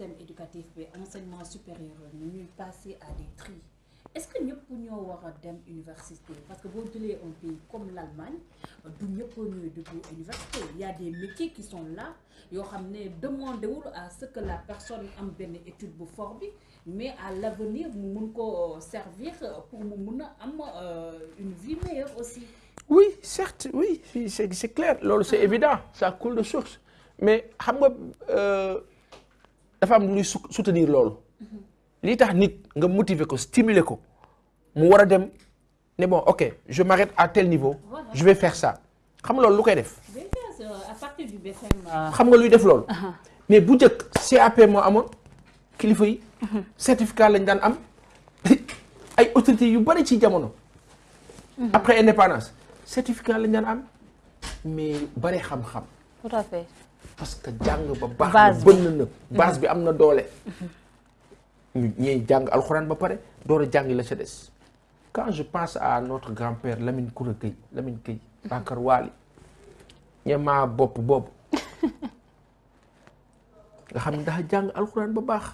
système éducatif bi enseignement supérieur la ñuy passer à des tri est-ce que ñëpp ñoo war a dem université parce que boo jëlee un pays comme l'Allemagne du ñëpp ñuy dugg université il y a des métiers qui sont là yoo xam ne demandé wul à ce que la personne am benn étude bu fort bi mais à l'avenir mu mun ko euh, servir pour mu mun a am euh, une vie meilleure aussi. oui certes oui c'est clair loolu c'est ah. évident ça coule de source mais xam nga. Euh, dafa am luy soutenir loolu lii tax nit nga motiver ko stimuler ko mu war a dem ne boo ok je m'arrête à tel niveau je vais faire ça xam nga loolu lu koy def à euh, xam nga luy def loolu uh-huh. mais bu njëkk CAP moo amoon kilifa yi uh-huh. certificat lañ daan am ay autorités yu bari ci jamono uh-huh. après indépendance certificat lañ daan am mais bari xam-xam parce que jàng ba baax na bënn na base bi am na doole ñu jàng alxuraan ba pare door a jàng la ca quand je pense à notre grand-père Lamine Koura Gueye Lamine Gueye Bakar Waali ñemaa bopp boobu nga xam ne dafa jàng alxuraan ba baax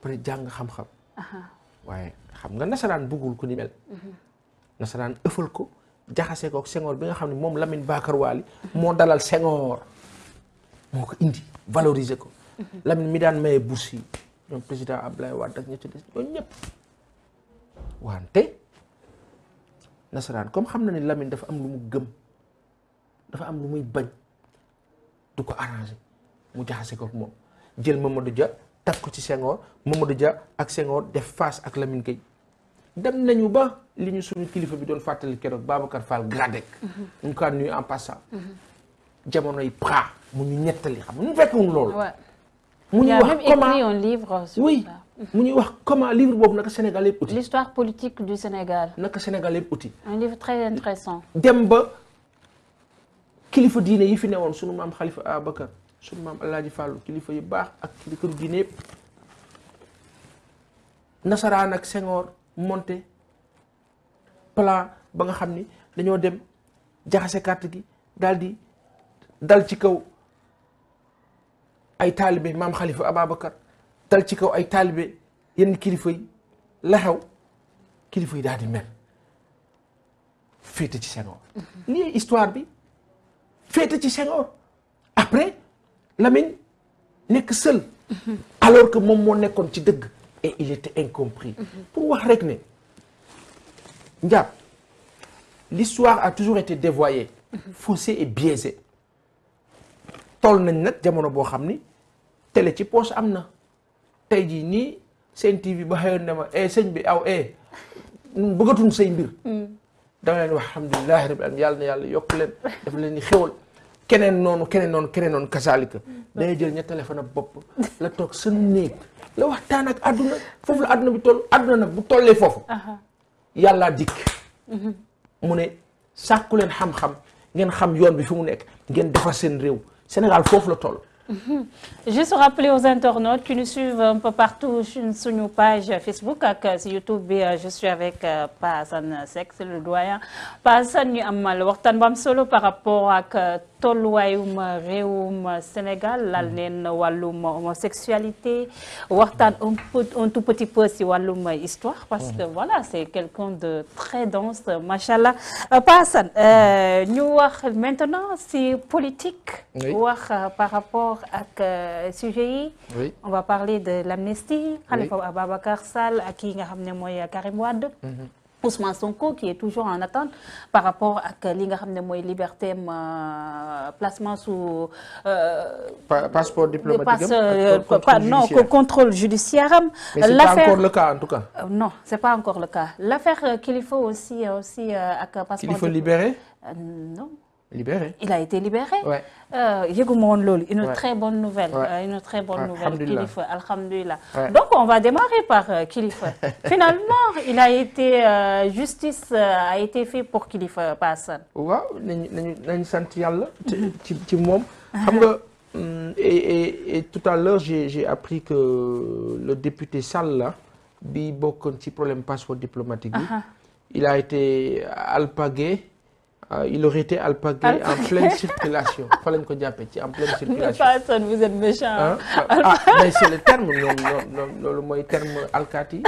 pare jàng xam-xam waaye xam nga nasaraan buggul ku ni mel mhm. nasaraan ëffal ko jaxase ko Senghor bi nga xam ne moom Lamine Bakar Waly moo dalal Senghor moo ko indi valoriser ko lamin mi daan maye bourse yi ñoom président Abdoulaye Wade ak ñi ci des ñëpp wante nasaraan comme xam na ne Lamine dafa am lu mu gëm dafa am lu muy bañ du ko arrangé mu jaxase ko moom jël Mamadou Dia tag ko ci Senghor Mamadou ja ak Senghor def face ak Lamine Gueye dem nañu ba li ñu suñu kilifa bi doon fàttali keroog Babacar Fall Gradec. Mhm. ñu ko nuyu en passant. Mhm. jamono yi mu ñu ñettali xam ñu fekkuñu loolu. mu ñu wax comment livre ñuy wax comment boobu naka Sénégal yëpp uti. l'histoire politique du Sénégal. livre très intéressant. dem ba kilifa diine yi fi newoon sunu maam Khalifa Ababacar sunu maam El Hadj Fallou kilifa yu baax ak kilifa diine nasaraan ak Senghor. monter plan ba nga xam ni dañoo dem jaxase carte gi daal di dal ci kaw ay taalibe maam Khalifa Ababacar dal ci kaw ay taalibe yenn kilifa yi la xew kilifa yi daal di mel féete ci Senghor. Mhm. lii histoire bi féete ci Senghor après Lamine nekk seul. Mhm. alors que moom moo nekkoon ci dëgg. et il était incompris. pour wax rek ne njàpp l'histoire a toujours été dévoyée. faussée et biaisée. toll nañ nag jamono boo xam ni tele ci poche am na tey jii nii seen TV ba xëyoon ne ma eh bi aw eh bëggatuñ say mbir. dama leen wax alhamdulilahi rabbil alamin yàlla na yàlla yokk leen daf leen di xéwal keneen noonu keneen noonu keneen noonu kasaalika day jël ña téléphone ak bopp la toog sa la waxtaan ak àdduna foofu la àdduna bi toll àdduna nag bu foofu yàllaa dikk mhm. mu ne sàkku leen xam-xam ngeen xam yoon bi fi mu nekk ngeen defar seen réew Sénégal foofu la toll mhm. Juste rappeler aux internautes qui nous suivent un peu partout sur nos pages Facebook ak euh, si YouTube bi euh, je suis avec euh, Pa Assane Seck le doyen Pa Assane ñu amal waxtaan bu solo par rapport ak tolluwaayum réewum Sénégal lal mm. neen wàllum homosexualité waxtaan un peu un petit peu si wàllum histoire parce que mm. voilà c'est quelqu'un de très dense machallah euh, Pa Assane euh, ñu wax maintenant si politique wax euh, par rapport ak sujet yi on va parler de l'amnistie Khalifa Ababacar Sall ak yi nga xam ne mooy Wade mm-hmm. Ousmane Sonko qui est toujours en attente par rapport ak li nga xam ne mooy liberté am euh, placement sous. Euh, passeport diplomatique am euh, non contrôle judiciaire am. l' affaire mais c' est pas encore le cas en tout cas. non c' est pas encore le cas l' affaire Kilifeu aussi aussi ak. passeport Kilifeu libéré non. libéré il a été libéré. waay euh, yëguma woon euh, une très bonne nouvelle. une très bonne nouvelle Kilifeu donc on va démarrer par euh, Kilifeu. finalement il a été justice a été fait pour Kilifeu Paasane. waaw nañu nañu nañu sant yàlla. ci mhm. ci moom. et tout à l'heure j'ai appris que le député Sall la bi bokkoon ci problème passeport diplomatique il a été alpagué. Euh, il aurait été alpagué en pleine circulation fa lañ ko jàppee ci en pleine circulation. Fatou vous êtes méchant. Ah, ah mais c'est le loolu mooy terme alkaati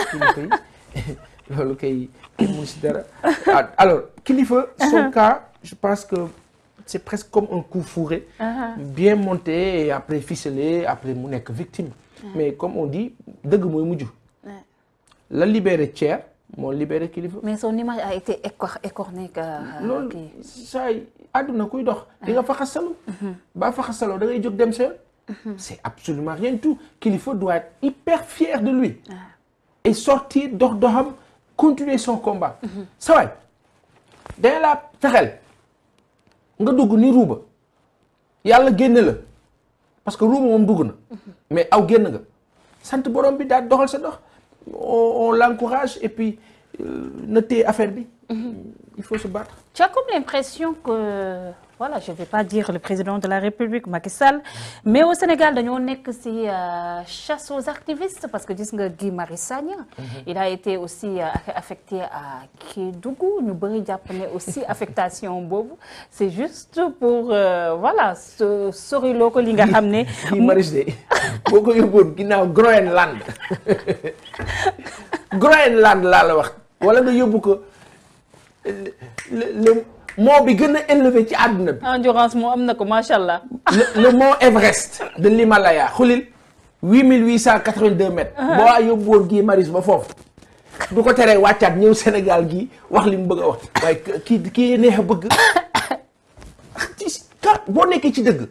kilifa ah, kilifa. son uh-huh. cas je pense que c'est presque comme un coup fourré. Uh-huh. bien monté et après ficelé après mu nekk victime. Uh-huh. mais comme on dit dëgg mooy mujj. la libéré Thier. moo libéré kilifa. mais son image a été écornée euh, loolu saa yi àdduna kuy dox. di nga fa xasalu. Mhm. baa fa xasaloo da jóg dem seen. Mhm. c'est absolument rien du tout kilifa doit hyper fier de lui. Ah. et sortir dox doxam continuer son combat. Mhm. sa waay laa fexeel nga dugg ni ruuba yàlla génne la parce que ruuba moom dugg na. mais aw génn nga sant borom bi daal doxal sa dox. on, on l'encourage et puis euh, na téye affaire bi. Mhm. il faut se battre. tu as comme l'impression que voilà je vais pas dire le président de la République Macky mais au Sénégal dañoo nekk ci euh, chasse aux activistes parce que gis nga Guy Marius Sagna mhm. il a été aussi euh, affecté à Kédougou ñu bëri jàpp ne aussi affectation boobu c'est juste pour euh, voilà sori ko li nga xam ne ginnaaw Groenland Groenland laa la wax wala nga yóbbu ko mont bi gën a élevé ci àdduna bi. endurance moom am na ko macha allah. le mont Everest de l'Himalaya xulil 8882 mètres. Uh-huh. boo yóbbu woon kii Maris ba foofu. du ko teree wàccaat ñëw Sénégal gi wax li mu bëgg a wax waaye kii kii neex a bëgg. boo nekkee ci dëgg.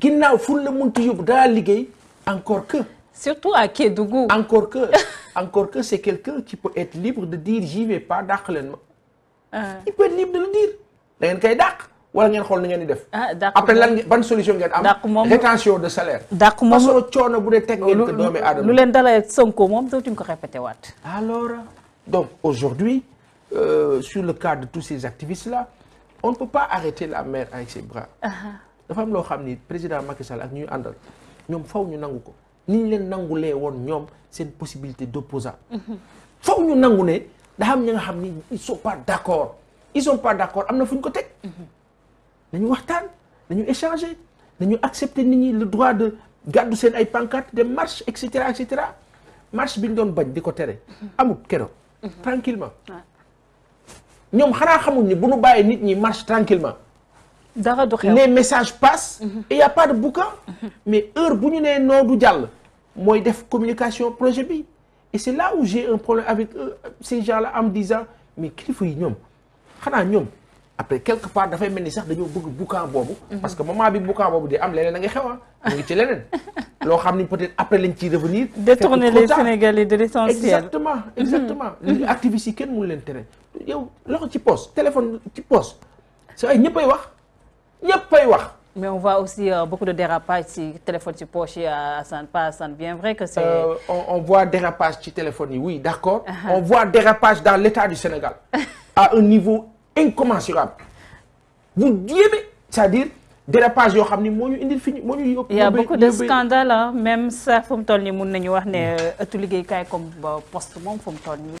ginnaaw ful la mënti yóbbu daa liggéey. encore que. surtout à Kédougou. encore que encore que c'est quelqu'un qui peut être libre de dire j'y vais pas dàq leen ma. il peut être libre de da wala ngeen xool ni ngeen di def. Ah, après lan ban solution ngeen am. dàq moom rétention de salaire. dàq moom façon coono bu dee teg ngeen ko lu leen dalay Sonko moom dootuñ ko répété waat. alors donc aujourd'hui euh, sur le cas de tous ces activistes là on ne peut pas arrêter la mer avec ses bras. Ah. dafa am loo xam ni président Macky Sall ak ñuy àndal ñoom faw ñu nangu ko ni ñu leen nangulee woon ñoom seen possibilité d'opposant mhm. faw ñu nangu ne. daa am ña nga xam ni ils sont pas d'accord ils sont pas d'accord am na fu ñu ko teg nañu waxtaan nañu échanger nañu accepter nit ñi le droit de gàddu seen ay pancarte de marche et cetera marche bi ñu doon bañ di ko tere amul keroog tranquillement ñoom xanaa xamul ni bu ñu bàyyi nit ñi marche tranquillement dara du xew les messages passent et y a pas de boucan mm-hmm. mais heure bu ñu nee noo du jàll mooy def communication projet bi et c'est là ou j'ai un problème avec eux, ces là en me mais kilifa yi ñoom xanaa ñoom après quelque part dafay mel ni sax dañoo bëgg boucan boobu. Mhm. parce que moment bi boucan boobu di am leneen a nga xew ah. ngi ci leneen. loo xam ni peut-être après lañ ciy revenir. détourner les Sénégalais de l'essentiel exactement mhm. exactement. Mhm. li activistes kenn mënu leen tere. yow loxo ci poche téléphone ci poche. sa ay ñëppay wax ñëppay wax. mais on voit aussi euh, beaucoup de dérapages ci téléphone ci poche yi a Assane pas Assane bien vrai que c'est euh, on, on voit dérapage ci téléphone yi oui d'accord uh -huh. on voit dérapage dans l'état du Sénégal à un niveau incommensurable bu yéeme c'est-à-dire dérapage yoo xam ni moo ñu indil fi ñu moo ñu yóbbu. il y a beaucoup de scandales même ça mu toll nii mun nañu wax ne ëttu liggéeykaay comme euh, poste moom fu mu toll nii.